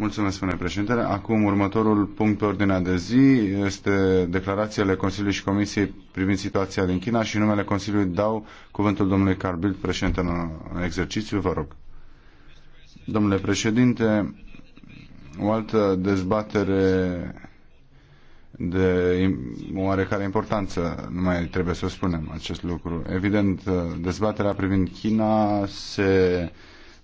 Mulțumesc, domnule președinte. Acum, următorul punct pe ordinea de zi este declarațiile Consiliului și Comisiei privind situația din China și numele Consiliului dau cuvântul domnului Carbil, președinte în exercițiu. Vă rog. Domnule președinte, o altă dezbatere de oarecare importanță, nu mai trebuie să spunem acest lucru. Evident, dezbaterea privind China se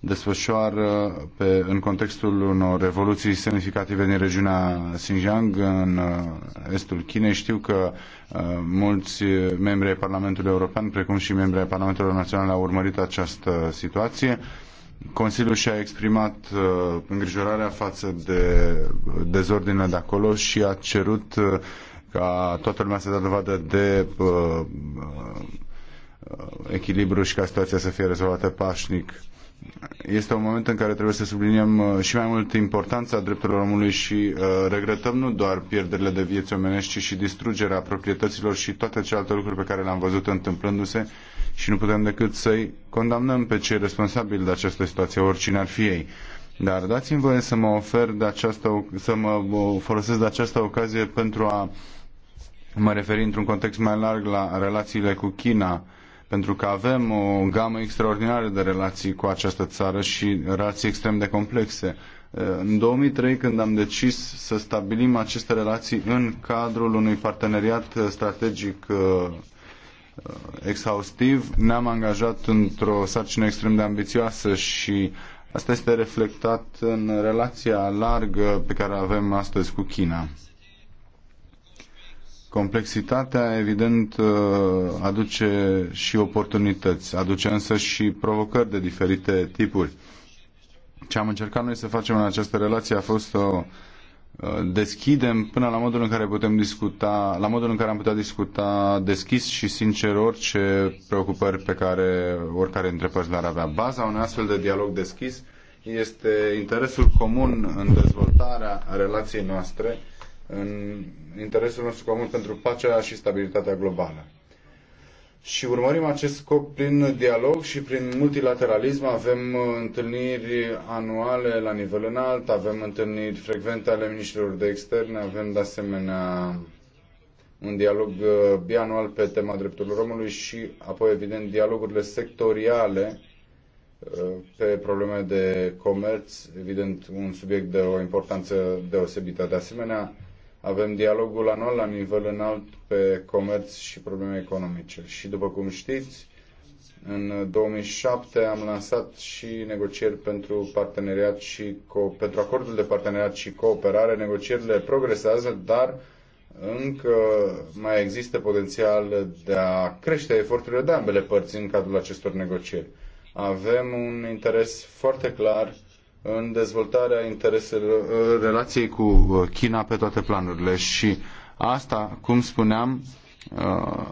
desfășoară pe, în contextul unor revoluții semnificative din regiunea Xinjiang, în uh, estul Chinei. Știu că uh, mulți membri ai Parlamentului European, precum și membri ai Parlamentului Național, au urmărit această situație. Consiliul și-a exprimat uh, îngrijorarea față de dezordine de acolo și a cerut uh, ca toată lumea să dea dovadă de uh, uh echilibru și ca situația să fie rezolvată pașnic este un moment în care trebuie să subliniem uh, și mai mult importanța drepturilor omului și uh, regretăm nu doar pierderile de vieți omenești, ci și distrugerea proprietăților și toate celelalte lucruri pe care le-am văzut întâmplându-se și nu putem decât să-i condamnăm pe cei responsabili de această situație, oricine ar fi ei. Dar dați-mi voie să mă ofer de această, să mă folosesc de această ocazie pentru a mă referi într-un context mai larg la relațiile cu China, pentru că avem o gamă extraordinară de relații cu această țară și relații extrem de complexe. În 2003, când am decis să stabilim aceste relații în cadrul unui parteneriat strategic uh, uh, exhaustiv, ne-am angajat într-o sarcină extrem de ambițioasă și asta este reflectat în relația largă pe care o avem astăzi cu China. Complexitatea, evident, uh, aduce și oportunități, aduce însă și provocări de diferite tipuri. Ce am încercat noi să facem în această relație a fost să uh, deschidem până la modul în care putem discuta, la modul în care am putea discuta deschis și sincer orice preocupări pe care oricare dintre părți le-ar avea. Baza unui astfel de dialog deschis este interesul comun în dezvoltarea relației noastre în interesul nostru comun pentru pacea și stabilitatea globală. Și urmărim acest scop prin dialog și prin multilateralism. Avem uh, întâlniri anuale la nivel înalt, avem întâlniri frecvente ale ministrilor de externe, avem de asemenea un dialog uh, bianual pe tema drepturilor omului și apoi, evident, dialogurile sectoriale uh, pe probleme de comerț, evident, un subiect de o importanță deosebită. De asemenea, avem dialogul anual la nivel înalt pe comerț și probleme economice. Și după cum știți, în 2007 am lansat și negocieri pentru, parteneriat și co- pentru acordul de parteneriat și cooperare. Negocierile progresează, dar încă mai există potențial de a crește eforturile de ambele părți în cadrul acestor negocieri. Avem un interes foarte clar în dezvoltarea intereselor, uh, relației cu uh, China pe toate planurile și asta, cum spuneam, uh,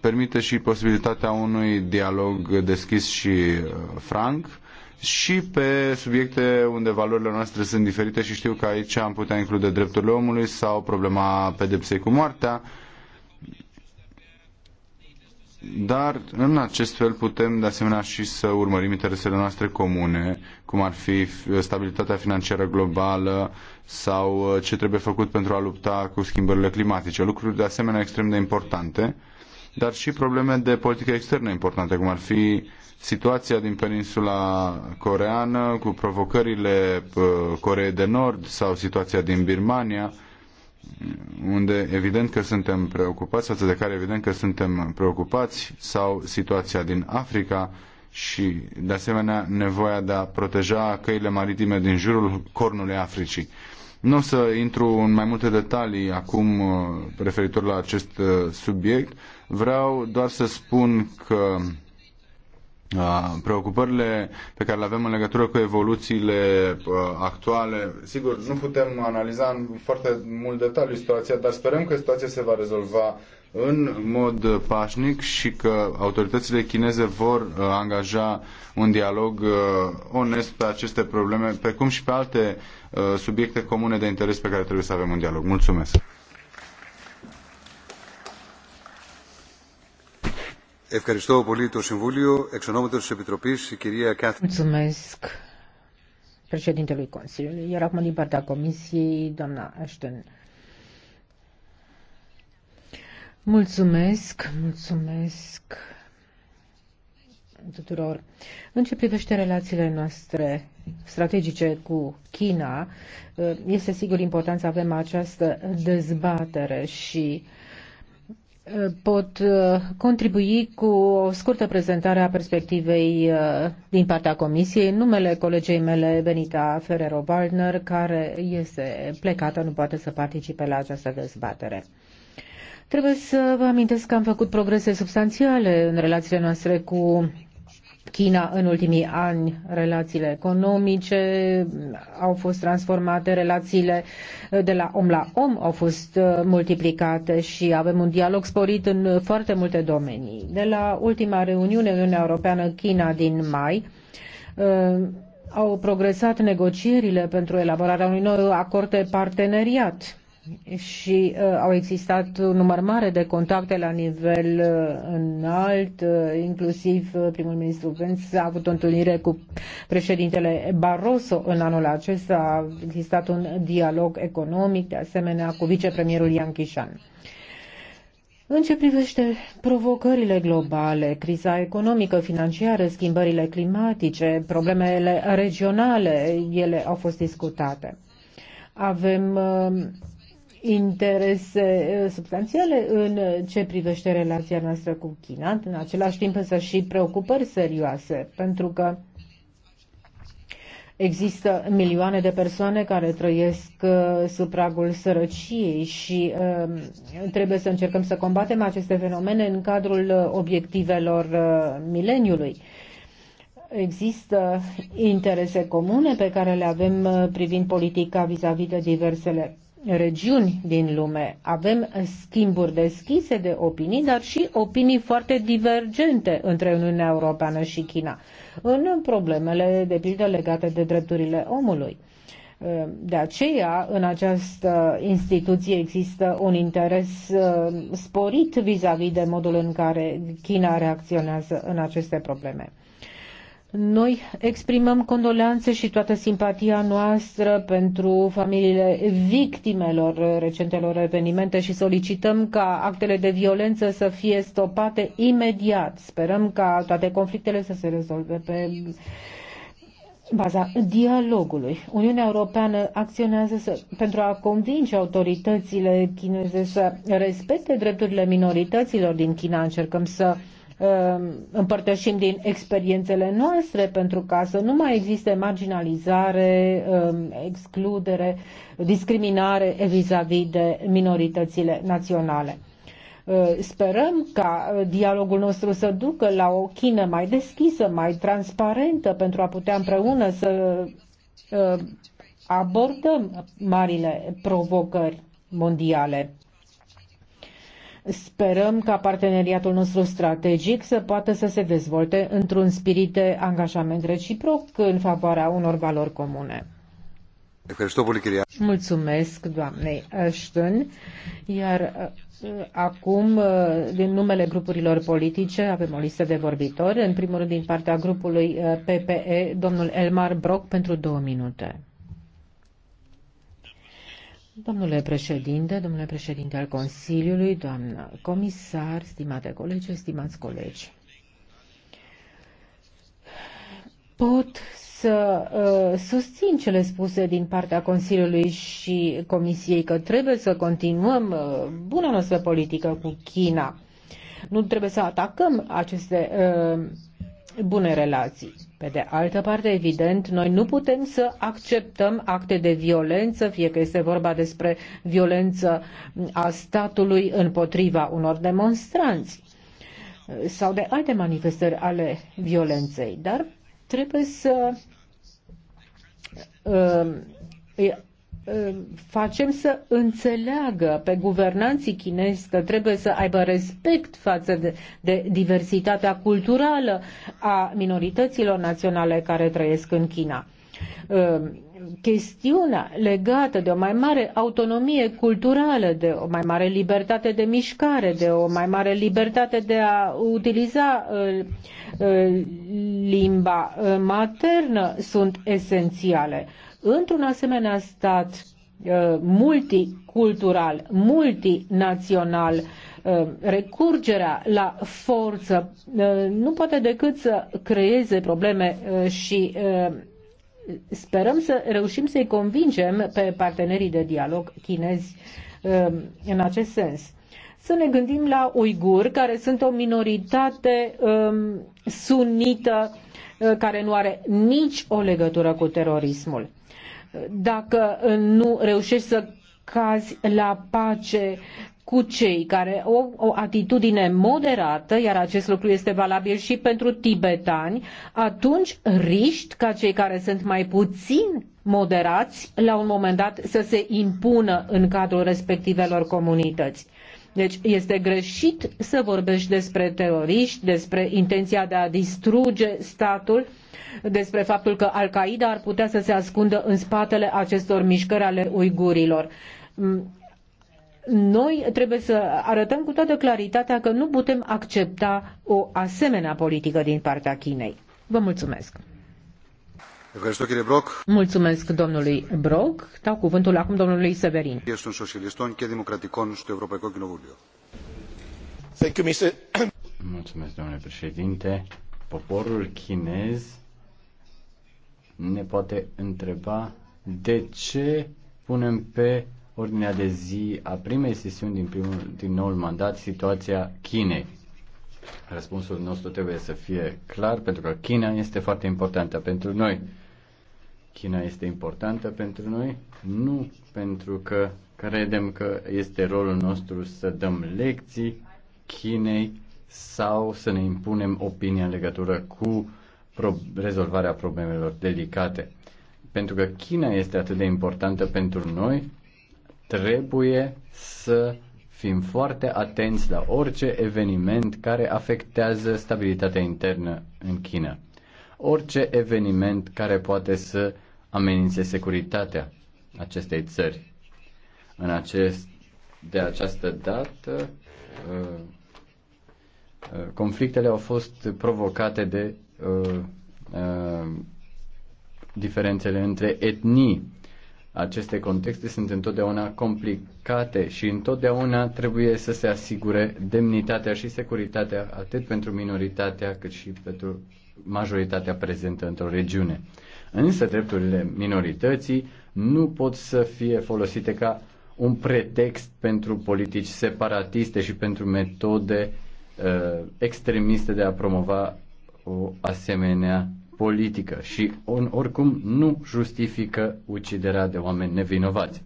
permite și posibilitatea unui dialog deschis și franc și pe subiecte unde valorile noastre sunt diferite și știu că aici am putea include drepturile omului sau problema pedepsei cu moartea, dar în acest fel putem de asemenea și să urmărim interesele noastre comune, cum ar fi stabilitatea financiară globală sau uh, ce trebuie făcut pentru a lupta cu schimbările climatice, lucruri de asemenea extrem de importante, dar și probleme de politică externă importante, cum ar fi situația din peninsula coreană cu provocările uh, Coreei de Nord sau situația din Birmania, unde evident că suntem preocupați, față de care evident că suntem preocupați, sau situația din Africa și, de asemenea, nevoia de a proteja căile maritime din jurul cornului Africii. Nu o să intru în mai multe detalii acum uh, referitor la acest uh, subiect. Vreau doar să spun că preocupările pe care le avem în legătură cu evoluțiile actuale. Sigur, nu putem analiza în foarte mult detaliu situația, dar sperăm că situația se va rezolva în mod pașnic și că autoritățile chineze vor angaja un dialog onest pe aceste probleme, precum și pe alte subiecte comune de interes pe care trebuie să avem un dialog. Mulțumesc! Mulțumesc președintelui Consiliului. Iar acum din partea Comisiei, doamna Ashton. Mulțumesc, mulțumesc tuturor. În ce privește relațiile noastre strategice cu China, este sigur important să avem această dezbatere și uh, pot uh, contribui cu o scurtă prezentare a perspectivei uh, din partea Comisiei. Numele colegei mele, Benita Ferrero-Baldner, care este plecată, nu poate să participe la această dezbatere. Trebuie să vă amintesc că am făcut progrese substanțiale în relațiile noastre cu China în ultimii ani, relațiile economice au fost transformate, relațiile de la om la om au fost uh, multiplicate și avem un dialog sporit în foarte multe domenii. De la ultima reuniune Uniunea Europeană-China din mai, uh, au progresat negocierile pentru elaborarea unui nou acord de parteneriat și uh, au existat un număr mare de contacte la nivel uh, înalt, uh, inclusiv uh, primul ministru Vens a avut o întâlnire cu președintele Barroso în anul acesta, a existat un dialog economic, de asemenea cu vicepremierul Ian Chișan. În ce privește provocările globale, criza economică, financiară, schimbările climatice, problemele regionale, ele au fost discutate avem uh, interese uh, substanțiale în ce privește relația noastră cu China, în același timp însă și preocupări serioase, pentru că Există milioane de persoane care trăiesc uh, sub pragul sărăciei și um, trebuie să încercăm să combatem aceste fenomene în cadrul uh, obiectivelor mileniului. Există interese comune pe care le avem privind politica vis-a-vis -vis de diversele regiuni din lume. Avem schimburi deschise de opinii, dar și opinii foarte divergente între Uniunea Europeană și China în problemele de pildă legate de drepturile omului. De aceea, în această instituție există un interes uh, sporit vis-a-vis -vis de modul în care China reacționează în aceste probleme. Noi exprimăm condoleanțe și toată simpatia noastră pentru familiile victimelor recentelor evenimente și solicităm ca actele de violență să fie stopate imediat. Sperăm ca toate conflictele să se rezolve pe baza dialogului. Uniunea Europeană acționează să, pentru a convinge autoritățile chineze să respecte drepturile minorităților din China. Încercăm să Um, împărtășim din experiențele noastre pentru ca să nu mai existe marginalizare, um, excludere, discriminare vis-a-vis -vis de minoritățile naționale. Uh, sperăm ca uh, dialogul nostru să ducă la o chină mai deschisă, mai transparentă, pentru a putea împreună să uh, abordăm marile provocări mondiale. Sperăm ca parteneriatul nostru strategic să poată să se dezvolte într-un spirit de angajament reciproc în favoarea unor valori comune. Mulțumesc doamnei Ashton. Iar uh, acum, uh, din numele grupurilor politice, avem o listă de vorbitori. În primul rând, din partea grupului uh, PPE, domnul Elmar Brock pentru două minute. Domnule președinte, domnule președinte al Consiliului, doamnă comisar, stimate colegi, stimați colegi. Pot să uh, susțin cele spuse din partea Consiliului și Comisiei că trebuie să continuăm uh, buna noastră politică cu China. Nu trebuie să atacăm aceste uh, bune relații. Pe de altă parte, evident, noi nu putem să acceptăm acte de violență, fie că este vorba despre violență a statului împotriva unor demonstranți sau de alte manifestări ale violenței, dar trebuie să uh, facem să înțeleagă pe guvernanții chinezi că trebuie să aibă respect față de, de diversitatea culturală a minorităților naționale care trăiesc în China. Chestiunea legată de o mai mare autonomie culturală, de o mai mare libertate de mișcare, de o mai mare libertate de a utiliza limba maternă sunt esențiale într-un asemenea stat uh, multicultural, multinațional, uh, recurgerea la forță uh, nu poate decât să creeze probleme și sperăm să reușim să-i convingem pe partenerii de dialog chinezi în acest sens. Să ne gândim la uiguri, care sunt o minoritate um, sunită care nu are nici o legătură cu terorismul dacă uh, nu reușești să cazi la pace cu cei care au o atitudine moderată, iar acest lucru este valabil și pentru tibetani, atunci riști ca cei care sunt mai puțin moderați la un moment dat să se impună în cadrul respectivelor comunități. Deci este greșit să vorbești despre teroriști, despre intenția de a distruge statul, despre faptul că Al-Qaeda ar putea să se ascundă în spatele acestor mișcări ale uigurilor mm, noi trebuie să arătăm cu toată claritatea că nu putem accepta o asemenea politică din partea Chinei. Vă mulțumesc! Mulțumesc domnului Brok. Dau cuvântul acum domnului Severin. Este un socialiston și democraticon στο Ευρωπαϊκό Κοινοβούλιο. Mulțumesc, domnule președinte. Poporul chinez ne poate întreba de ce punem pe ordinea de zi a primei sesiuni din, primul, din noul mandat situația Chinei. Răspunsul nostru trebuie să fie clar, pentru că China este foarte importantă pentru noi. China este importantă pentru noi, nu pentru că credem că este rolul nostru să dăm lecții Chinei sau să ne impunem opinia în legătură cu rezolvarea problemelor delicate. Pentru că China este atât de importantă pentru noi, trebuie să fim foarte atenți la orice eveniment care afectează stabilitatea internă în China orice eveniment care poate să amenințe securitatea acestei țări. În acest, de această dată, uh, uh, conflictele au fost provocate de uh, diferențele între etnii. Aceste contexte sunt întotdeauna complicate și întotdeauna trebuie să se asigure demnitatea și securitatea atât pentru minoritatea cât și pentru majoritatea prezentă într-o regiune. Însă drepturile minorității nu pot să fie folosite ca un pretext pentru politici separatiste și pentru metode uh, extremiste de a promova o asemenea politică și on, oricum nu justifică uciderea de oameni nevinovați.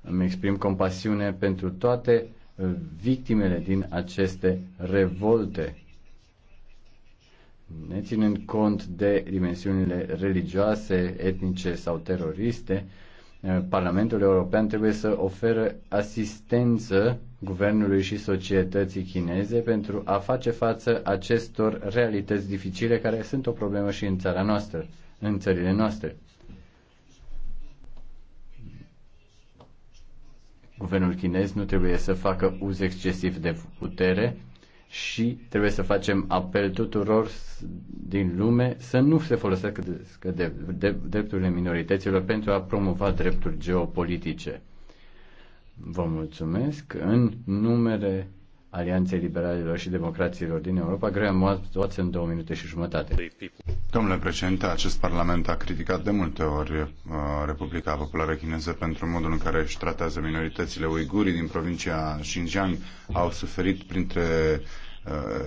Îmi exprim compasiune pentru toate uh, victimele din aceste revolte ne ținând cont de dimensiunile religioase, etnice sau teroriste, eh, Parlamentul European trebuie să oferă asistență guvernului și societății chineze pentru a face față acestor realități dificile care sunt o problemă și în țara noastră, în țările noastre. Guvernul chinez nu trebuie să facă uz excesiv de putere, și trebuie să facem apel tuturor din lume să nu se folosească de, de, de, drepturile minorităților pentru a promova drepturi geopolitice. Vă mulțumesc. În numere Alianței Liberalilor și Democraților din Europa, Graham Watson, două minute și jumătate. Domnule președinte, acest parlament a criticat de multe ori uh, Republica Populară Chineză pentru modul în care își tratează minoritățile uigurii din provincia Xinjiang. Au suferit printre uh, Eh,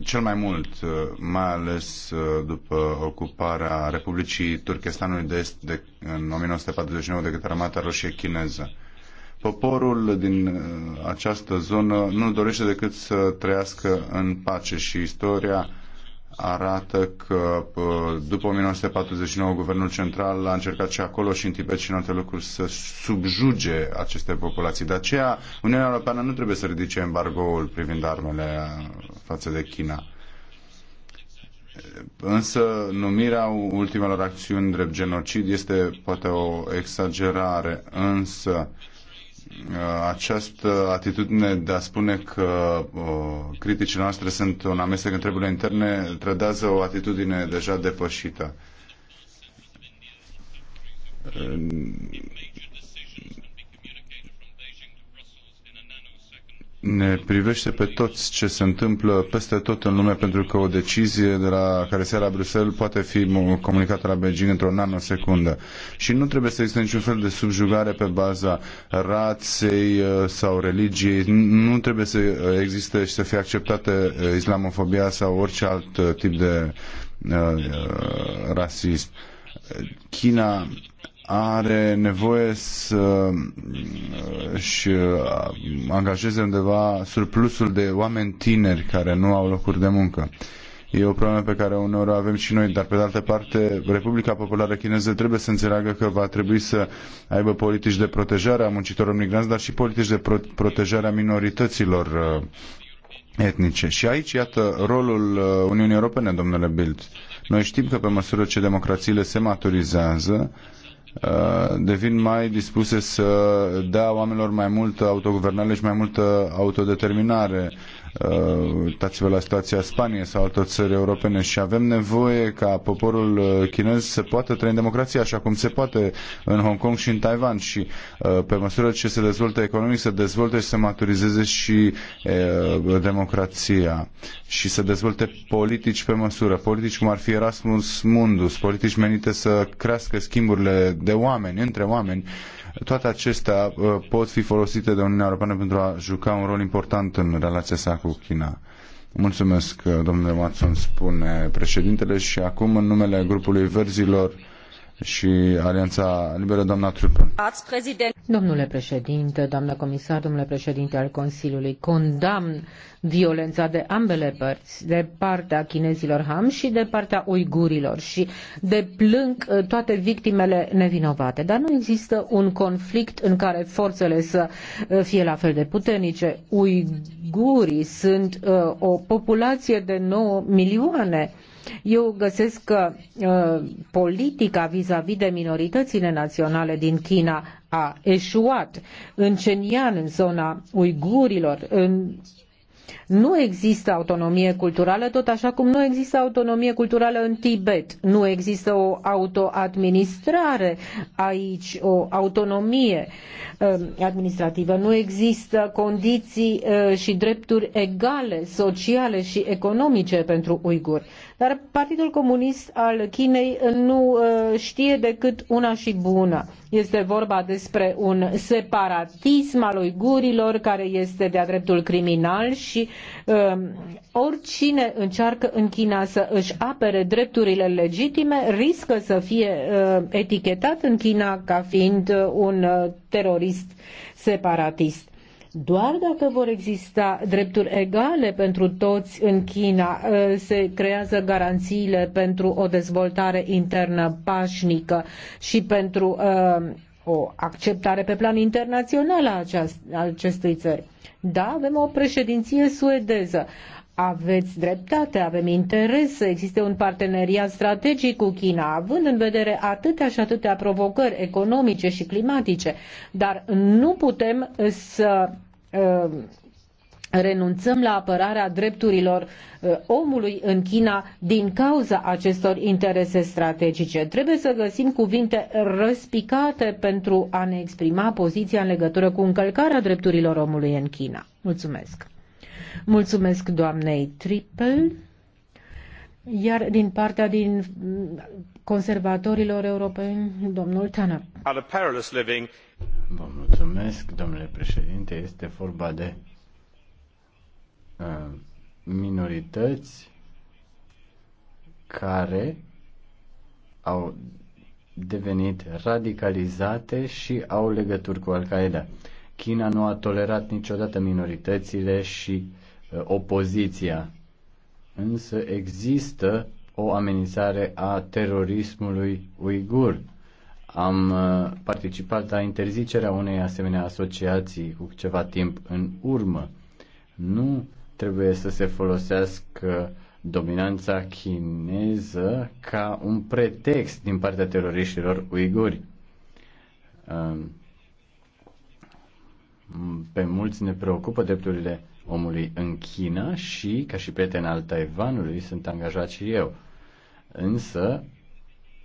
cel mai mult, eh, mai ales eh, după ocuparea Republicii Turkestanului de Est de, în 1949 de către armata roșie chineză. Poporul din această zonă nu dorește decât să trăiască în pace și istoria arată că după 1949 guvernul central a încercat și acolo și în Tibet și în alte locuri să subjuge aceste populații. De aceea Uniunea Europeană nu trebuie să ridice embargoul privind armele față de China. Însă numirea ultimelor acțiuni drept genocid este poate o exagerare, însă Uh, această atitudine de a spune că uh, criticile noastre sunt un amestec în treburile interne trădează o atitudine deja depășită uh, ne privește pe toți ce se întâmplă peste tot în lume, pentru că o decizie de la care se ia la Bruxelles poate fi comunicată la Beijing într-o nanosecundă. Și nu trebuie să existe niciun fel de subjugare pe baza raței uh, sau religiei. Nu trebuie să existe și să fie acceptată uh, islamofobia sau orice alt uh, tip de uh, rasism. China are nevoie să uh, și uh, angajeze undeva surplusul de oameni tineri care nu au locuri de muncă. E o problemă pe care uneori o avem și noi, dar pe de altă parte Republica Populară Chineză trebuie să înțeleagă că va trebui să aibă politici de protejare a muncitorilor migranți, dar și politici de pro- protejare a minorităților uh, etnice. Și aici, iată, rolul Uniunii Europene, domnule Bild. Noi știm că pe măsură ce democrațiile se maturizează, uh, Uh, devin mai dispuse să dea oamenilor mai multă autoguvernare și mai multă autodeterminare Uh, uitați-vă la situația Spaniei sau altor țări europene și avem nevoie ca poporul uh, chinez să poată trăi în democrație așa cum se poate în Hong Kong și în Taiwan și uh, pe măsură ce se dezvoltă economic să dezvolte și să maturizeze și democrația și să dezvolte politici pe măsură, politici cum ar fi Erasmus Mundus, politici menite să crească schimburile de oameni, între oameni toate acestea uh, pot fi folosite de Uniunea Europeană pentru a juca un rol important în relația sa cu China. Mulțumesc, uh, domnule Watson, spune președintele și acum în numele grupului verzilor și Alianța Liberă, doamna Trupă. Domnule președinte, doamnă comisar, domnule președinte al Consiliului, condamn violența de ambele părți, de partea chinezilor Ham și de partea uigurilor și deplâng uh, toate victimele nevinovate. Dar nu există un conflict în care forțele să uh, fie la fel de puternice. Uigurii sunt uh, o populație de 9 milioane eu găsesc că uh, politica vis-a-vis de minoritățile naționale din China a eșuat în Cenian, în zona uigurilor, în nu există autonomie culturală, tot așa cum nu există autonomie culturală în Tibet. Nu există o autoadministrare aici, o autonomie um, administrativă. Nu există condiții uh, și drepturi egale, sociale și economice pentru uiguri. Dar Partidul Comunist al Chinei nu uh, știe decât una și bună. Este vorba despre un separatism al uigurilor care este de-a dreptul criminal și um, oricine încearcă în China să își apere drepturile legitime riscă să fie uh, etichetat în China ca fiind uh, un uh, terorist separatist. Doar dacă vor exista drepturi egale pentru toți în China, ă, se creează garanțiile pentru o dezvoltare internă pașnică și pentru ă, o acceptare pe plan internațional a acestei țări. Da, avem o președinție suedeză aveți dreptate, avem interes să existe un parteneriat strategic cu China, având în vedere atâtea și atâtea provocări economice și climatice, dar nu putem să uh, renunțăm la apărarea drepturilor uh, omului în China din cauza acestor interese strategice. Trebuie să găsim cuvinte răspicate pentru a ne exprima poziția în legătură cu încălcarea drepturilor omului în China. Mulțumesc! Mulțumesc doamnei Triple. Iar din partea din conservatorilor europeni, domnul Tanner. Vă mulțumesc, domnule președinte. Este vorba de uh, minorități care au devenit radicalizate și au legături cu Al-Qaeda. China nu a tolerat niciodată minoritățile și uh, opoziția. Însă există o amenințare a terorismului uigur. Am uh, participat la interzicerea unei asemenea asociații cu ceva timp în urmă. Nu trebuie să se folosească dominanța chineză ca un pretext din partea teroriștilor uiguri. Uh, Mm, pe mulți ne preocupă drepturile omului în China și, ca și prieten al Taiwanului, sunt angajat și eu. Însă,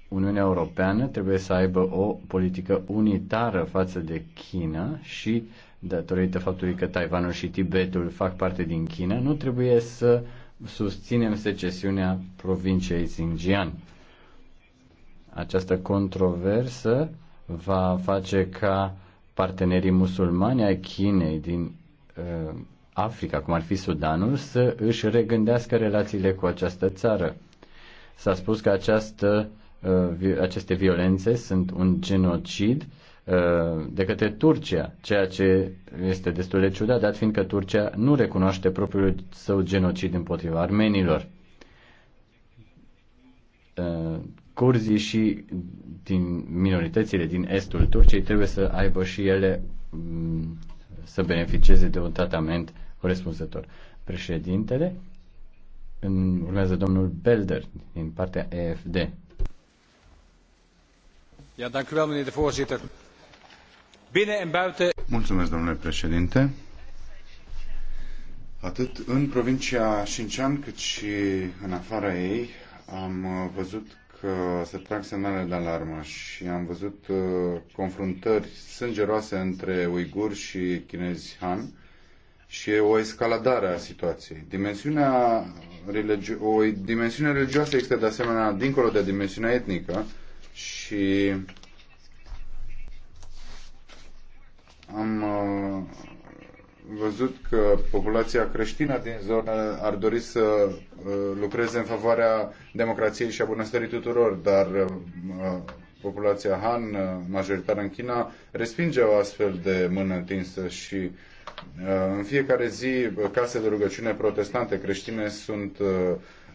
Uniunea Europeană trebuie să aibă o politică unitară față de China și, datorită faptului că Taiwanul și Tibetul fac parte din China, nu trebuie să susținem secesiunea provinciei Xinjiang. Această controversă va face ca partenerii musulmani ai Chinei din uh, Africa, cum ar fi Sudanul, să își regândească relațiile cu această țară. S-a spus că această, uh, aceste violențe sunt un genocid uh, de către Turcia, ceea ce este destul de ciudat, dat fiindcă Turcia nu recunoaște propriul său genocid împotriva armenilor uh, curzii și din minoritățile din estul Turciei trebuie să aibă și ele mm, să beneficieze de un tratament corespunzător. Președintele, în, urmează domnul Belder din partea EFD. Ja, dank u wel, meneer de voorzitter. Binnen en buiten... Mulțumesc, domnule președinte. Atât în provincia Xinjiang cât și în afara ei am uh, văzut că se trag semnale de alarmă și am văzut uh, confruntări sângeroase între uiguri și chinezi Han și e o escaladare a situației. Dimensiunea religio- o dimensiune religioasă există de asemenea dincolo de dimensiunea etnică și am uh, văzut că populația creștină din zonă ar dori să uh, lucreze în favoarea democrației și a bunăstării tuturor, dar uh, populația Han, uh, majoritară în China, respinge o astfel de mână întinsă și în fiecare zi case de rugăciune protestante creștine sunt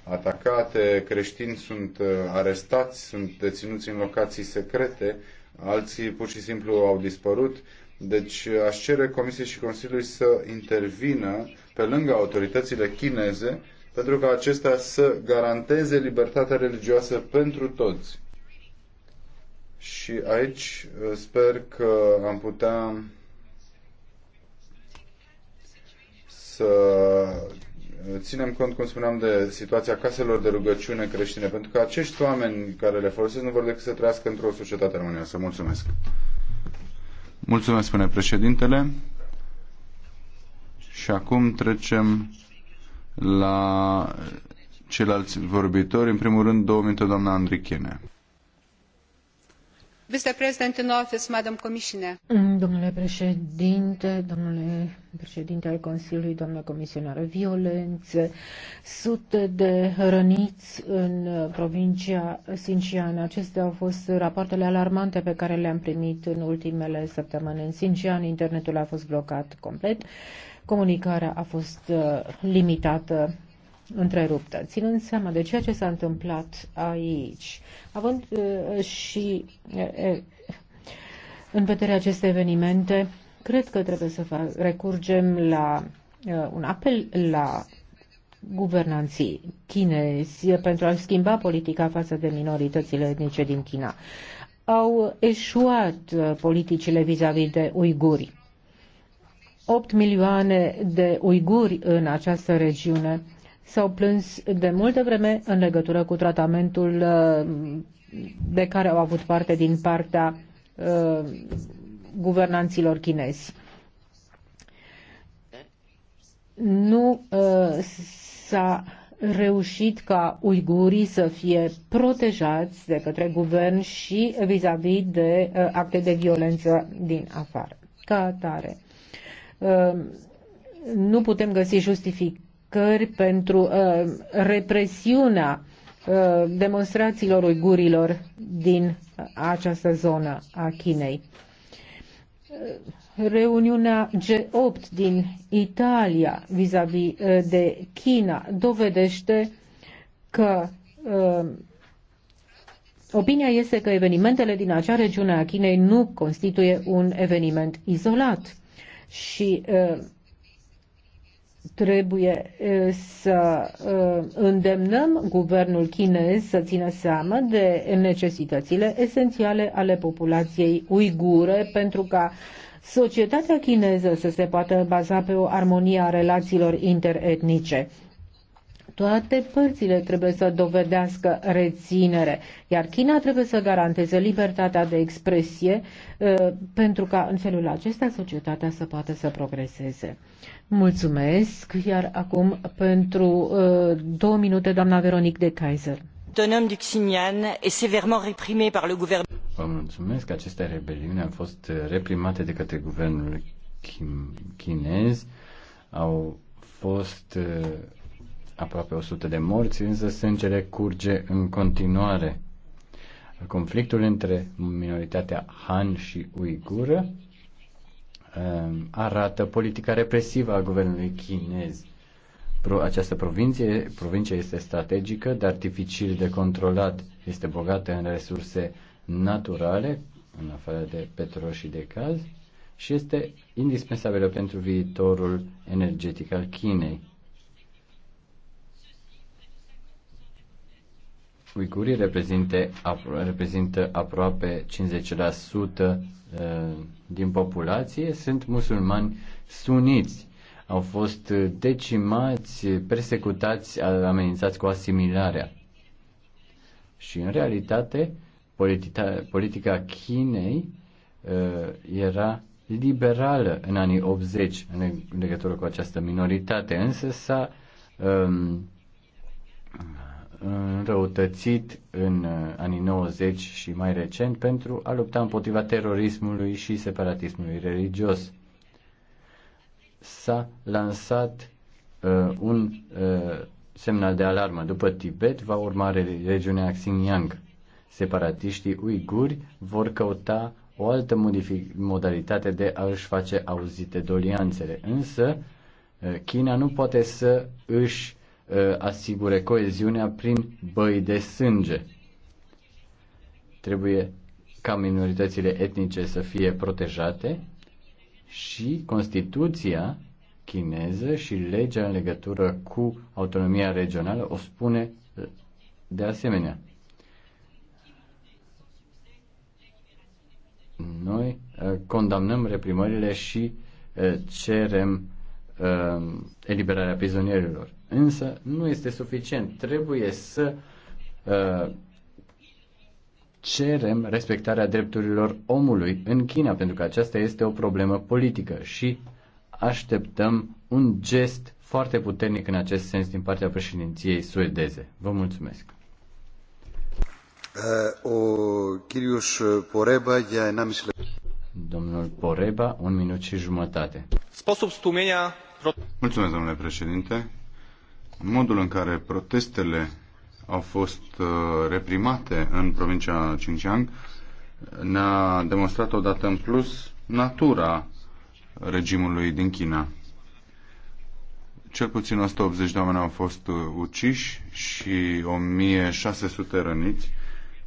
atacate, creștini sunt arestați, sunt deținuți în locații secrete, alții pur și simplu au dispărut deci aș cere Comisiei și Consiliului să intervină pe lângă autoritățile chineze pentru ca acestea să garanteze libertatea religioasă pentru toți. Și aici uh, sper că am putea să ținem cont, cum spuneam, de situația caselor de rugăciune creștine, pentru că acești oameni care le folosesc nu vor decât să trăiască într-o societate armonioasă. Mulțumesc! Mulțumesc, spune președintele. Și acum trecem la ceilalți vorbitori. În primul rând, două minute, doamna Andrichene. Vice President in Madam Commissioner. Mm, domnule președinte, domnule președinte al Consiliului, doamnă comisionară, violențe, sute de răniți în uh, provincia Sinciana. Acestea au fost rapoartele alarmante pe care le-am primit în ultimele săptămâni. În Sincian, internetul a fost blocat complet, comunicarea a fost uh, limitată întreruptă. Ținând seama de ceea ce s-a întâmplat aici, având uh, și uh, uh, în vedere aceste evenimente, cred că trebuie să recurgem la un apel la guvernanții chinezi pentru a schimba politica față de minoritățile etnice din China. Au eșuat politicile vis-a-vis -vis de uiguri. 8 milioane de uiguri în această regiune s-au plâns de multă vreme în legătură cu tratamentul uh, de care au avut parte din partea uh, guvernanților chinezi. Nu uh, s-a reușit ca uigurii să fie protejați de către guvern și vis-a-vis -vis de acte de violență din afară. Ca atare, nu putem găsi justificări marcări pentru uh, represiunea uh, demonstrațiilor uigurilor din această zonă a Chinei. Uh, reuniunea G8 din Italia vis-a-vis -vis uh, de China dovedește că uh, Opinia este că evenimentele din acea regiune a Chinei nu constituie un eveniment izolat și uh, trebuie să îndemnăm guvernul chinez să țină seamă de necesitățile esențiale ale populației uigure pentru ca societatea chineză să se poată baza pe o armonie a relațiilor interetnice. Toate părțile trebuie să dovedească reținere, iar China trebuie să garanteze libertatea de expresie uh, pentru ca în felul acesta societatea să poată să progreseze. Mulțumesc, iar acum pentru uh, două minute doamna Veronic de Kaiser autonome du Xinjiang est sévèrement réprimée par le gouvernement. Vă mulțumesc. Aceste rebeliuni au fost reprimate de către guvernul chinez, au fost uh, aproape 100 de morți, însă sângele curge în continuare. Conflictul între minoritatea Han și Uigură um, arată politica represivă a guvernului chinez. Această provincie, provincie este strategică, dar dificil de controlat. Este bogată în resurse naturale, în afară de petrol și de caz, și este indispensabilă pentru viitorul energetic al Chinei. uigurii reprezinte, reprezintă aproape 50% uh, din populație, sunt musulmani suniți. Au fost decimați, persecutați, amenințați cu asimilarea. Și în realitate, politica, politica Chinei uh, era liberală în anii 80 în legătură cu această minoritate, însă s-a um, înrăutățit în uh, anii 90 și mai recent pentru a lupta împotriva terorismului și separatismului religios. S-a lansat uh, un uh, semnal de alarmă. După Tibet va urma regiunea Xinjiang. Separatiștii uiguri vor căuta o altă modalitate de a și face auzite dolianțele. Însă, uh, China nu poate să își Uh, asigure coeziunea prin băi de sânge. Trebuie ca minoritățile etnice să fie protejate și Constituția chineză și legea în legătură cu autonomia regională o spune uh, de asemenea. Noi uh, condamnăm reprimările și cerem eliberarea prizonierilor. Însă nu este suficient. Trebuie să uh, cerem respectarea drepturilor omului în China, pentru că aceasta este o problemă politică și așteptăm un gest foarte puternic în acest sens din partea președinției suedeze. Vă mulțumesc. Uh, o Kirius Poreba, ia Domnul Poreba, un minut și jumătate. Mulțumesc, domnule președinte modul în care protestele au fost uh, reprimate în provincia Xinjiang ne-a demonstrat odată în plus natura regimului din China. Cel puțin 180 de oameni au fost uh, uciși și 1600 răniți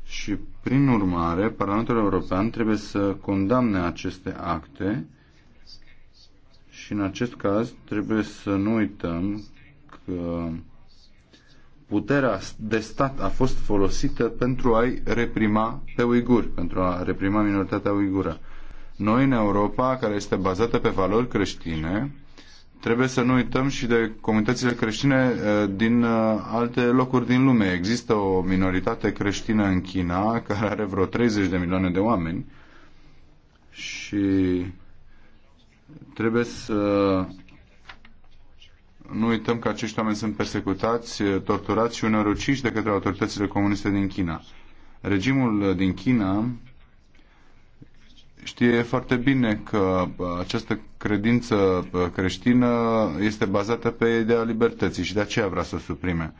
și, prin urmare, Parlamentul European trebuie să condamne aceste acte și, în acest caz, trebuie să nu uităm că puterea de stat a fost folosită pentru a-i reprima pe uiguri, pentru a reprima minoritatea uigură. Noi, în Europa, care este bazată pe valori creștine, trebuie să nu uităm și de comunitățile creștine eh, din eh, alte locuri din lume. Există o minoritate creștină în China care are vreo 30 de milioane de oameni și trebuie să nu uităm că acești oameni sunt persecutați, torturați și uneori uciși de către autoritățile comuniste din China. Regimul din China știe foarte bine că această credință creștină este bazată pe ideea libertății și de aceea vrea să o suprime.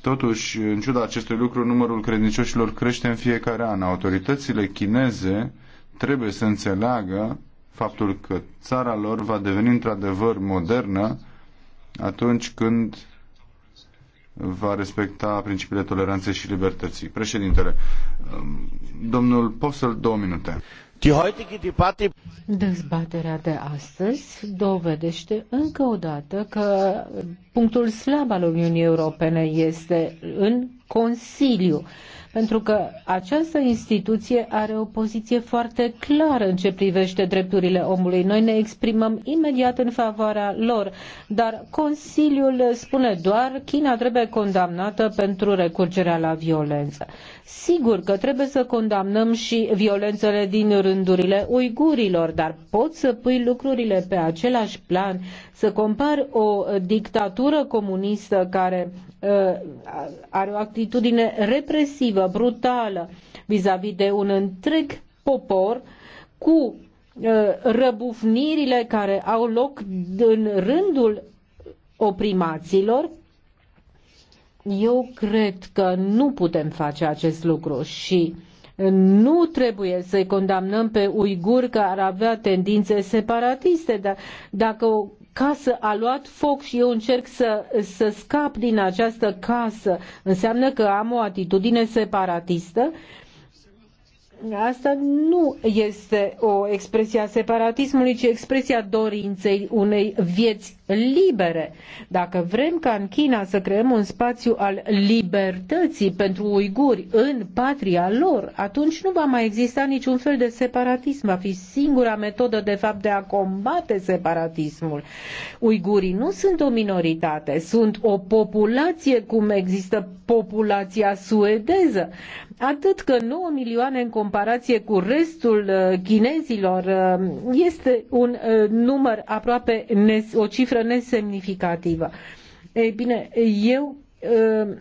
Totuși, în ciuda acestui lucru, numărul credincioșilor crește în fiecare an. Autoritățile chineze trebuie să înțeleagă faptul că țara lor va deveni într-adevăr modernă atunci când va respecta principiile toleranței și libertății. Președintele, um, domnul Posel, două minute. Dezbaterea de astăzi dovedește încă o dată că punctul slab al Uniunii Europene este în Consiliu pentru că această instituție are o poziție foarte clară în ce privește drepturile omului. Noi ne exprimăm imediat în favoarea lor, dar Consiliul spune doar China trebuie condamnată pentru recurgerea la violență. Sigur că trebuie să condamnăm și violențele din rândurile uigurilor, dar poți să pui lucrurile pe același plan, să compari o dictatură comunistă care uh, are o actitudine represivă, brutală, vis-a-vis -vis de un întreg popor, cu uh, răbufnirile care au loc în rândul oprimaților, eu cred că nu putem face acest lucru și nu trebuie să-i condamnăm pe uiguri că ar avea tendințe separatiste, dar dacă o casă a luat foc și eu încerc să, să scap din această casă, înseamnă că am o atitudine separatistă? Asta nu este o expresie a separatismului, ci expresia dorinței unei vieți libere. Dacă vrem ca în China să creăm un spațiu al libertății pentru uiguri în patria lor, atunci nu va mai exista niciun fel de separatism. Va fi singura metodă, de fapt, de a combate separatismul. Uigurii nu sunt o minoritate, sunt o populație cum există populația suedeză. Atât că 9 milioane în comparație cu restul uh, chinezilor uh, este un uh, număr aproape, o cifră cifră nesemnificativă. Ei bine, eu uh,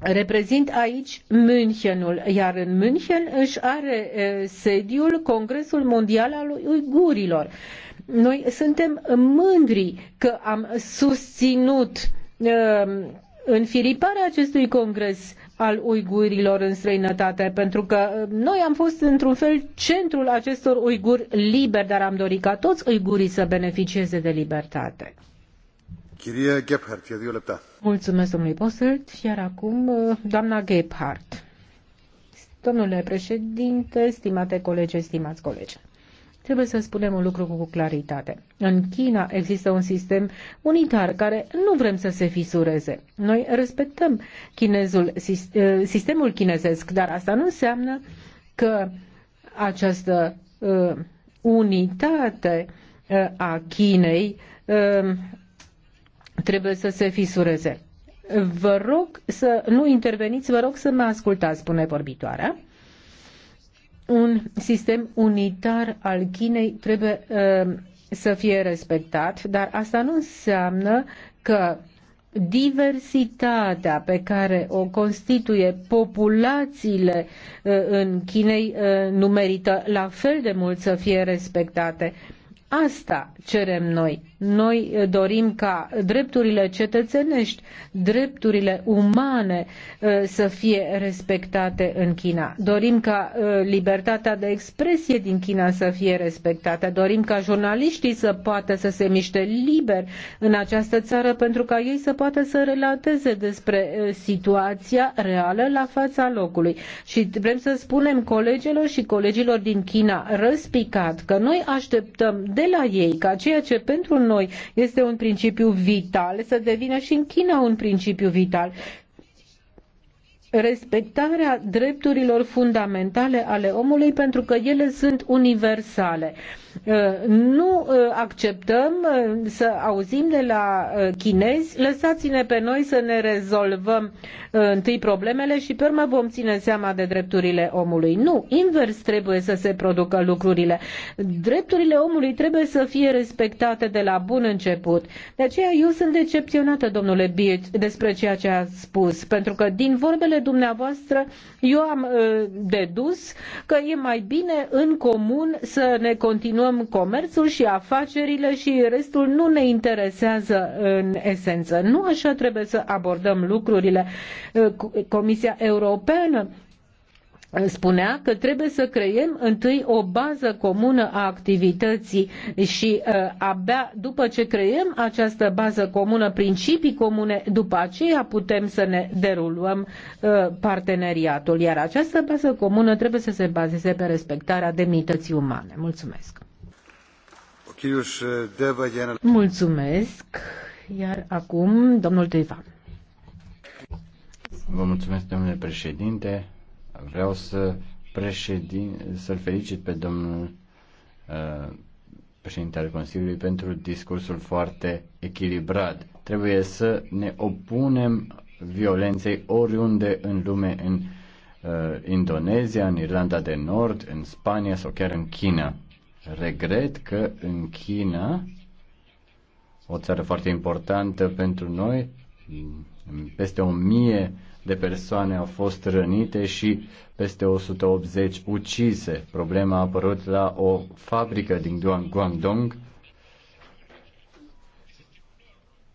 reprezint aici Münchenul, iar în München își are uh, sediul Congresul Mondial al Uigurilor. Noi suntem mândri că am susținut în uh, înfiriparea acestui congres al uigurilor în străinătate, pentru că uh, noi am fost într-un fel centrul acestor uiguri liberi, dar am dorit ca toți uigurii să beneficieze de libertate. Chirie e Mulțumesc, domnului Posselt, iar acum uh, doamna Gebhardt. Domnule președinte, stimate colegi, stimați colegi. Trebuie să spunem un lucru cu claritate. În China există un sistem unitar care nu vrem să se fisureze. Noi respectăm chinezul, eh, sistemul chinezesc, dar asta nu înseamnă că această uh, unitate uh, a Chinei uh, trebuie să se fisureze. Vă rog să nu interveniți, vă rog să mă ascultați, spune vorbitoarea un sistem unitar al Chinei trebuie uh, să fie respectat, dar asta nu înseamnă că diversitatea pe care o constituie populațiile uh, în Chinei uh, nu merită la fel de mult să fie respectate. Asta cerem noi. Noi eh, dorim ca drepturile cetățenești, drepturile umane eh, să fie respectate în China. Dorim ca eh, libertatea de expresie din China să fie respectată. Dorim ca jurnaliștii să poată să se miște liber în această țară pentru ca ei să poată să relateze despre situația reală la fața locului. Și vrem să spunem colegilor și colegilor din China răspicat că noi așteptăm de de la ei ca ceea ce pentru noi este un principiu vital să devină și în China un principiu vital respectarea drepturilor fundamentale ale omului pentru că ele sunt universale. Uh, nu uh, acceptăm uh, să auzim de la chinezi, lăsați-ne pe noi să ne rezolvăm întâi problemele și pe urmă vom ține seama de drepturile omului. Nu, invers trebuie să se producă lucrurile. Drepturile omului trebuie să fie respectate de la bun început. De aceea eu sunt decepționată, domnule Biet, despre ceea ce a spus, pentru că din vorbele dumneavoastră eu am dedus că e mai bine în comun să ne continuăm continuăm comerțul și afacerile și restul nu ne interesează în esență. Nu așa trebuie să abordăm lucrurile. Uh, Comisia Europeană spunea că trebuie să creăm întâi o bază comună a activității și uh, abia după ce creăm această bază comună, principii comune, după aceea putem să ne derulăm uh, parteneriatul. Iar această bază comună trebuie să se bazeze pe respectarea demnității umane. Mulțumesc! Eh, mulțumesc. Iar acum, domnul Deva. Vă mulțumesc, domnule președinte. Vreau să președin, să-l felicit pe domnul uh, președinte al Consiliului pentru discursul foarte echilibrat. Trebuie să ne opunem violenței oriunde în lume, în uh, Indonezia, în Irlanda de Nord, în Spania sau chiar în China regret că în China, o țară foarte importantă pentru noi, peste o mie de persoane au fost rănite și peste 180 ucise. Problema a apărut la o fabrică din Guangdong.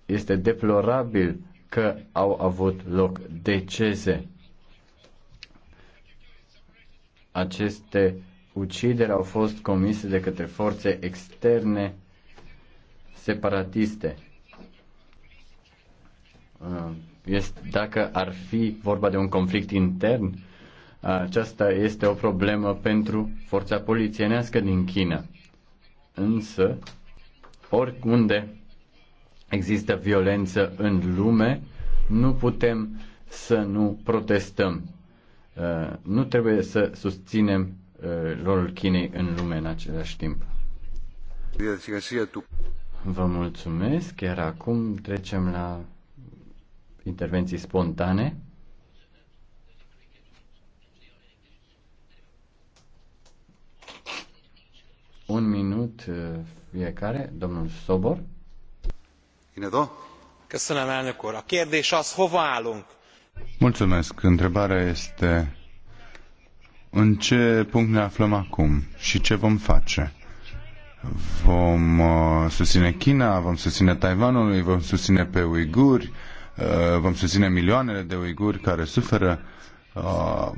Este deplorabil că au avut loc decese. Aceste ucideri au fost comise de către forțe externe separatiste. Uh, este, dacă ar fi vorba de un conflict intern, uh, aceasta este o problemă pentru forța polițienească din China. Însă, oricunde există violență în lume, nu putem să nu protestăm. Uh, nu trebuie să susținem Uh, rolul Chinei în lume în același timp. Vă mulțumesc, Chiar acum trecem la intervenții spontane. Un minut uh, fiecare, domnul Sobor. Köszönöm, elnök A kérdés az, hova állunk? Mulțumesc. Întrebarea este în ce punct ne aflăm acum și ce vom face. Vom uh, susține China, vom susține Taiwanul, vom susține pe uiguri, uh, vom susține milioanele de uiguri care suferă. Uh,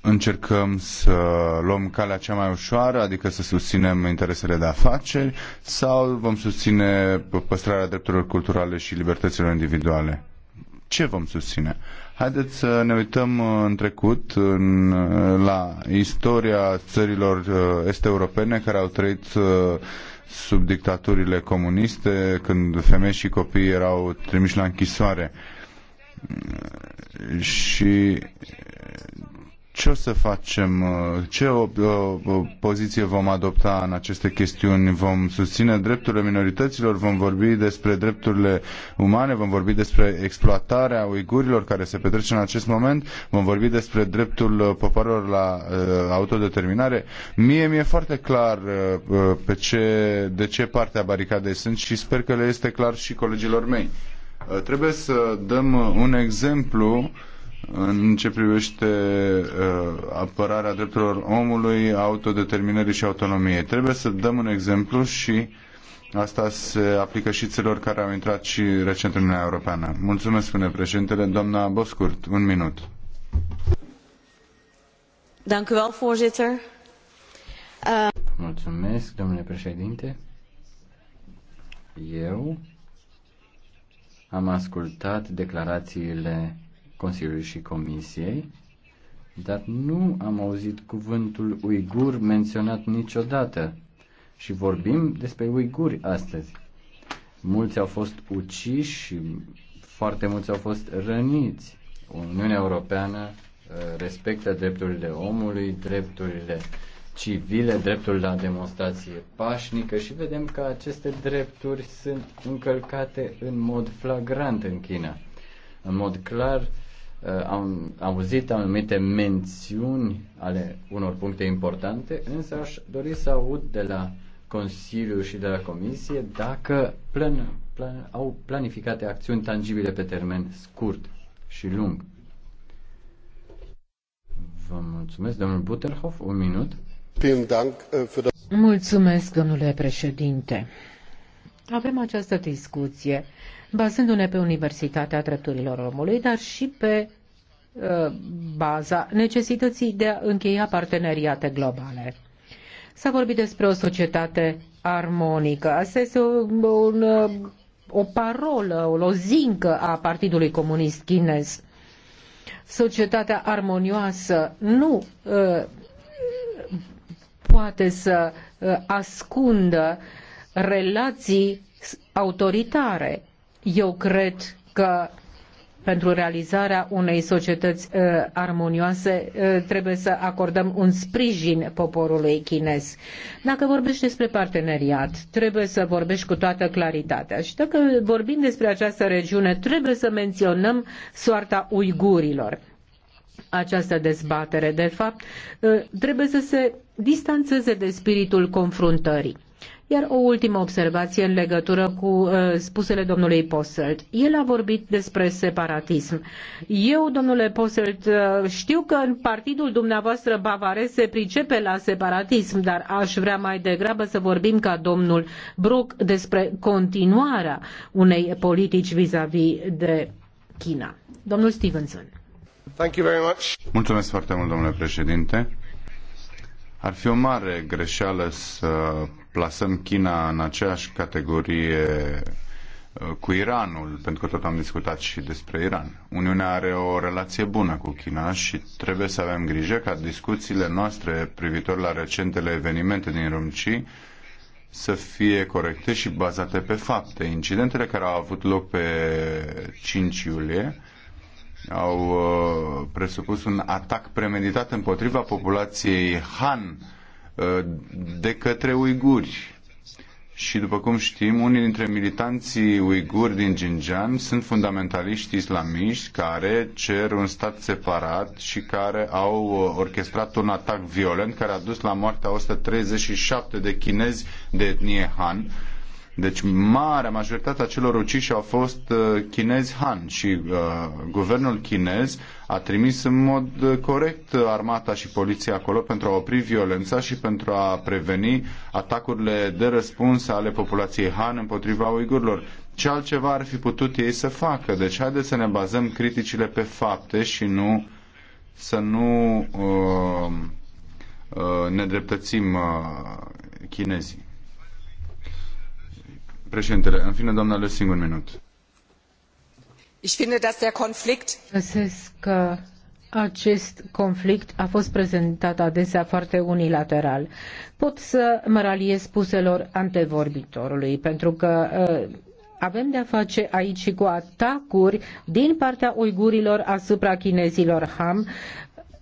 încercăm să luăm calea cea mai ușoară, adică să susținem interesele de afaceri, sau vom susține păstrarea drepturilor culturale și libertăților individuale? Ce vom susține? Uh, Haideți să ne uităm uh, în trecut în, uh, la istoria țărilor uh, este europene care au trăit sub dictaturile comuniste, când femei și copii erau trimiși la închisoare. Mm, și ce o să facem, ce o, o, o poziție vom adopta în aceste chestiuni, vom susține drepturile minorităților, vom vorbi despre drepturile umane, vom vorbi despre exploatarea uigurilor care se petrece în acest moment, vom vorbi despre dreptul poporilor la uh, autodeterminare. Mie mi-e foarte clar uh, pe ce, de ce parte a baricadei sunt și sper că le este clar și colegilor mei. Uh, trebuie să dăm un exemplu uh, în ce privește uh, apărarea drepturilor omului, autodeterminării și autonomiei. Trebuie să dăm un exemplu și asta se aplică și celor care au intrat și recent în Uniunea Europeană. Mulțumesc, spune președintele. Doamna Boscurt, un minut. Uh, Mulțumesc, domnule președinte. Eu am ascultat declarațiile Consiliului și Comisiei, dar nu am auzit cuvântul uigur menționat niciodată. Și vorbim despre uiguri astăzi. Mulți au fost uciși și foarte mulți au fost răniți. Uniunea Europeană uh, respectă drepturile omului, drepturile civile, dreptul la demonstrație pașnică și vedem că aceste drepturi sunt încălcate în mod flagrant în China. În mod clar, Uh, am auzit anumite mențiuni ale unor puncte importante, însă aș dori să aud de la Consiliu și de la Comisie dacă plan, plan, au planificate acțiuni tangibile pe termen scurt și lung. Vă mulțumesc, domnul Buterhoff, un minut. Uh, mulțumesc, domnule președinte. Avem această discuție bazându-ne pe Universitatea Drepturilor Omului, dar și pe uh, baza necesității de a încheia parteneriate globale. S-a vorbit despre o societate armonică. Asta este o, un, uh, o parolă, o lozincă a Partidului Comunist Chinez. Societatea armonioasă nu uh, poate să uh, ascundă relații autoritare. Eu cred că pentru realizarea unei societăți uh, armonioase uh, trebuie să acordăm un sprijin poporului chinez. Dacă vorbești despre parteneriat, trebuie să vorbești cu toată claritatea. Și dacă vorbim despre această regiune, trebuie să menționăm soarta uigurilor. Această dezbatere, de fapt, uh, trebuie să se distanțeze de spiritul confruntării iar o ultimă observație în legătură cu uh, spusele domnului Posselt. El a vorbit despre separatism. Eu, domnule Posselt, uh, știu că în partidul dumneavoastră bavarez se pricepe la separatism, dar aș vrea mai degrabă să vorbim ca domnul Bruck despre continuarea unei politici vis-a-vis -vis de China. Domnul Stevenson. Thank you very much. Mulțumesc foarte mult, domnule președinte. Ar fi o mare greșeală să plasăm China în aceeași categorie uh, cu Iranul, pentru că tot am discutat și despre Iran. Uniunea are o relație bună cu China și trebuie să avem grijă ca discuțiile noastre privitor la recentele evenimente din Rumci să fie corecte și bazate pe fapte. Incidentele care au avut loc pe 5 iulie au uh, presupus un atac premeditat împotriva populației Han Uh, de către uiguri. Și după cum știm, unii dintre militanții uiguri din Xinjiang sunt fundamentaliști islamiști care cer un stat separat și care au uh, orchestrat un atac violent care a dus la moartea 137 de chinezi de etnie Han deci marea majoritatea celor uciși au fost uh, chinezi Han și uh, guvernul chinez a trimis în mod uh, corect armata și poliția acolo pentru a opri violența și pentru a preveni atacurile de răspuns ale populației Han împotriva uigurilor. Ce altceva ar fi putut ei să facă? Deci haideți să ne bazăm criticile pe fapte și nu să nu uh, uh, ne dreptățim uh, chinezii. Președintele, în fine, doamna Lessing, un minut. Ich finde, dass der Găsesc că acest conflict a fost prezentat adesea foarte unilateral. Pot să mă raliez spuselor antevorbitorului, pentru că uh, avem de-a face aici cu atacuri din partea uigurilor asupra chinezilor Ham,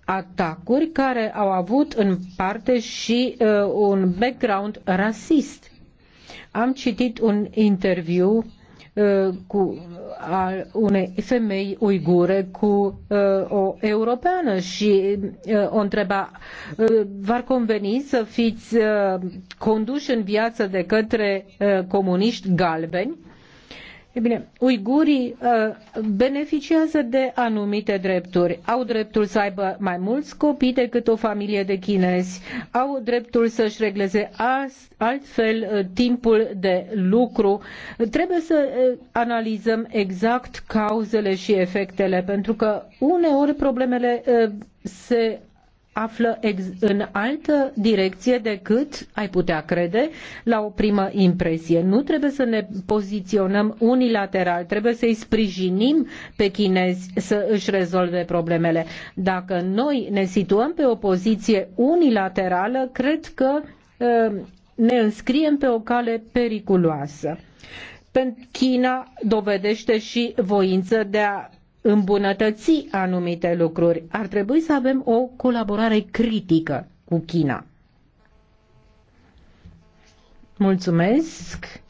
atacuri care au avut în parte și uh, un background rasist. Am citit un interviu uh, cu a unei femei uigure cu uh, o europeană și uh, o întreba uh, v-ar conveni să fiți uh, conduși în viață de către uh, comuniști galbeni? E bine, uigurii uh, beneficiază de anumite drepturi. Au dreptul să aibă mai mulți copii decât o familie de chinezi, au dreptul să-și regleze altfel uh, timpul de lucru. Trebuie să uh, analizăm exact cauzele și efectele, pentru că uneori problemele uh, se află în altă direcție decât ai putea crede la o primă impresie. Nu trebuie să ne poziționăm unilateral, trebuie să-i sprijinim pe chinezi să își rezolve problemele. Dacă noi ne situăm pe o poziție unilaterală, cred că uh, ne înscriem pe o cale periculoasă. China dovedește și voință de a îmbunătăți anumite lucruri. Ar trebui să avem o colaborare critică cu China. Mulțumesc.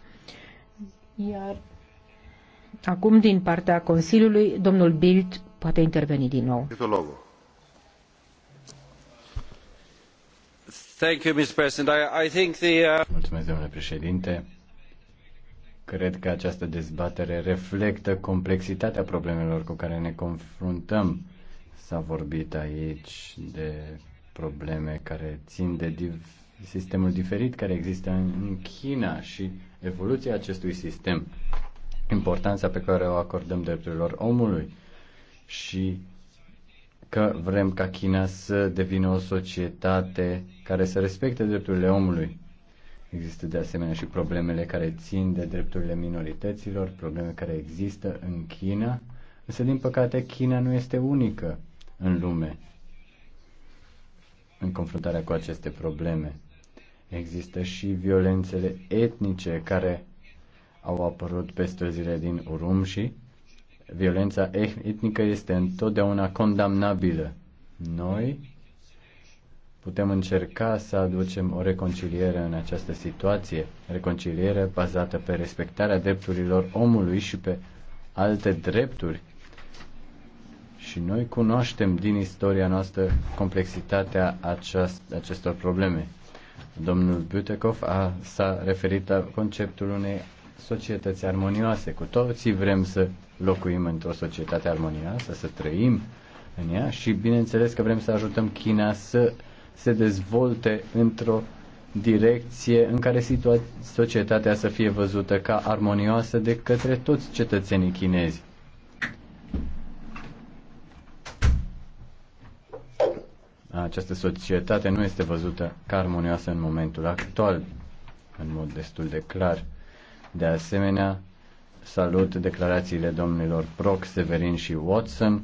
Iar acum din partea Consiliului, domnul Bild poate interveni din nou. Uh, Mulțumesc, domnule președinte. Cred că această dezbatere reflectă complexitatea problemelor cu care ne confruntăm. S-a vorbit aici de probleme care țin de div- sistemul diferit care există în China și evoluția acestui sistem, importanța pe care o acordăm drepturilor omului și că vrem ca China să devină o societate care să respecte drepturile omului. Există de asemenea și problemele care țin de drepturile minorităților, probleme care există în China, însă din păcate China nu este unică în lume în confruntarea cu aceste probleme. Există și violențele etnice care au apărut pe străzile din Urumși. Violența etnică este întotdeauna condamnabilă. Noi putem încerca să aducem o reconciliere în această situație, reconciliere bazată pe respectarea drepturilor omului și pe alte drepturi. Și noi cunoaștem din istoria noastră complexitatea aceast, acestor probleme. Domnul Butekov a, s-a referit la conceptul unei societăți armonioase. Cu toții vrem să locuim într-o societate armonioasă, să trăim în ea și bineînțeles că vrem să ajutăm China să se dezvolte într-o direcție în care societatea să fie văzută ca armonioasă de către toți cetățenii chinezi. Această societate nu este văzută ca armonioasă în momentul actual, în mod destul de clar. De asemenea, salut declarațiile domnilor Proc, Severin și Watson.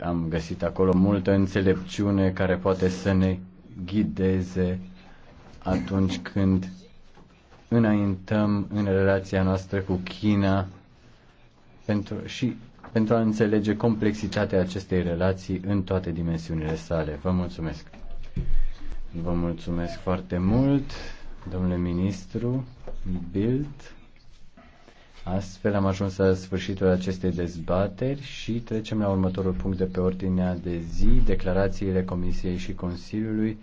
Am găsit acolo multă înțelepciune care poate să ne ghideze atunci când înaintăm în relația noastră cu China pentru, și pentru a înțelege complexitatea acestei relații în toate dimensiunile sale. Vă mulțumesc! Vă mulțumesc foarte mult, domnule ministru Bild. Astfel am ajuns la sfârșitul acestei dezbateri și trecem la următorul punct de pe ordinea de zi, declarațiile Comisiei și Consiliului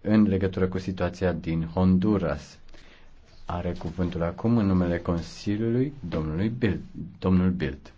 în legătură cu situația din Honduras. Are cuvântul acum în numele Consiliului domnului Bild, domnul Bild.